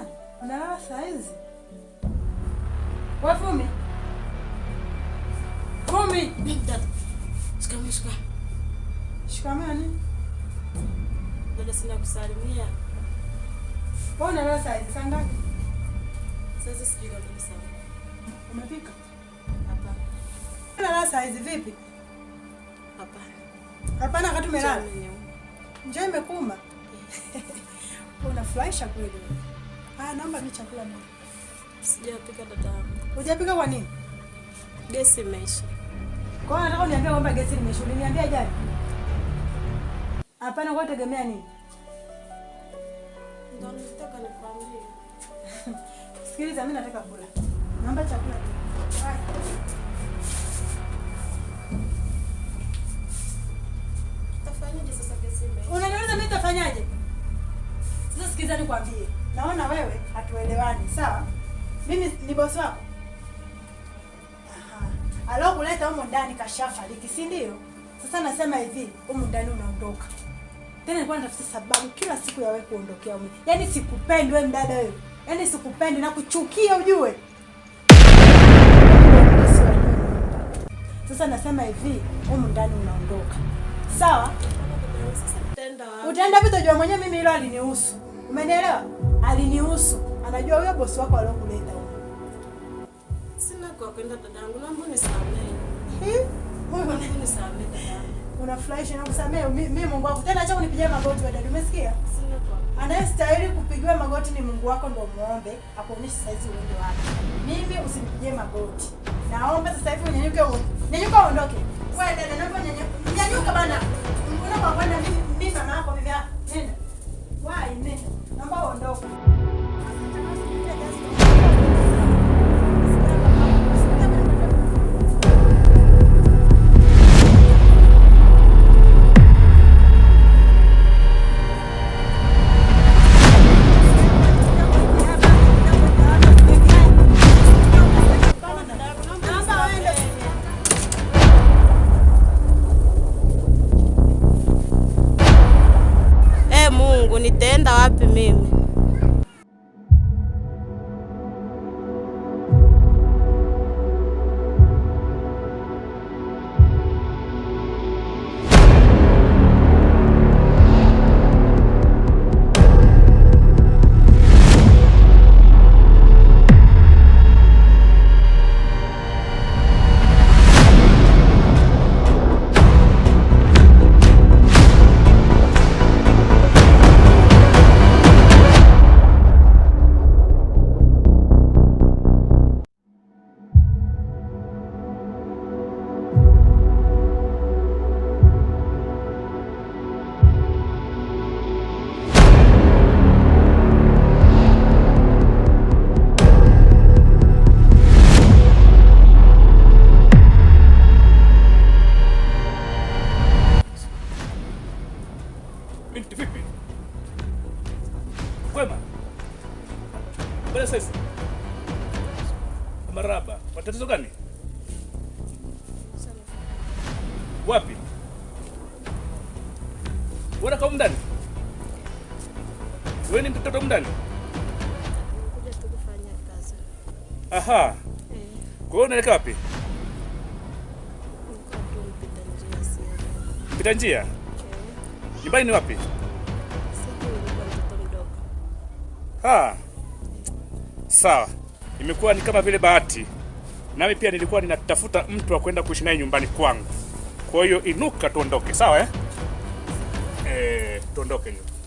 Jamani, unalala saa hizi? Wafumi. Fumi. Shikamoo. Shikamoo Dada, sina kusalimia. unalala saa hizi saa ngapi? sijui kabisa. Hapana. Unalala saa hizi vipi? Hapana. Hapana eh. Unafurahisha kweli. Haya, naomba mi chakula Sijapika dada yangu. Hujapika kwa nini? Gesi imeisha. Kwa hiyo nataka uniambie kwamba gesi imeisha. Uliniambia jana. Hapana, kwa tegemea nini? Ndio nikwambie. Sikiliza, mimi nataka kula. Naomba chakula. Haya. sasa Unaniuliza mimi Sasa nikwambie naona wewe hatuelewani, sawa? Mimi ni bosi wako, alokuleta humu ndani kashafariki, si ndio? Sasa nasema hivi, humu ndani unaondoka tena. Nilikuwa natafuta sababu kila siku ya wewe kuondokea humu. Yaani sikupendi wewe mdada wewe, yaani sikupendi na kuchukia, ujue. Sasa nasema hivi, humu ndani unaondoka, sawa? Utaenda vipi? Jua mwenyewe mimi hilo alinihusu, umenielewa? alinihusu, anajua huyo bosi wako aliokuleta huko. Sina kwa kwenda dadangu, naomba unisamehe. Unafurahisha na kusamehe mimi Mungu wako. Tena acha kunipigia magoti wewe dada, umesikia? Anayestahili kupigiwa magoti ni Mungu wako, ndio muombe akuonyeshe saizi uende wapi. Mimi usinipigie magoti. Naomba sasa hivi unyanyuke, Nyanyuka uondoke. Wewe dada, naomba unyanyuke. Nyanyuka bana. Unaona kwenda Mungu nitaenda wapi mimi? Mbona sasa? Maraba, matatizo gani? Wapi? Wewe kama ndani? Wewe ni mtoto ndani? Nimekuja tu kufanya kazi. Aha. Eh. Kwa hiyo unaelekea wapi? Mpita njia. Eh. Nyumbani ni wapi? Sisi ni mtoto mdogo. Ha. Sawa, imekuwa ni kama vile bahati, nami pia nilikuwa ninatafuta mtu wa kwenda kuishi naye nyumbani kwangu. Kwa hiyo inuka, tuondoke. Sawa eh? Eh, tuondoke.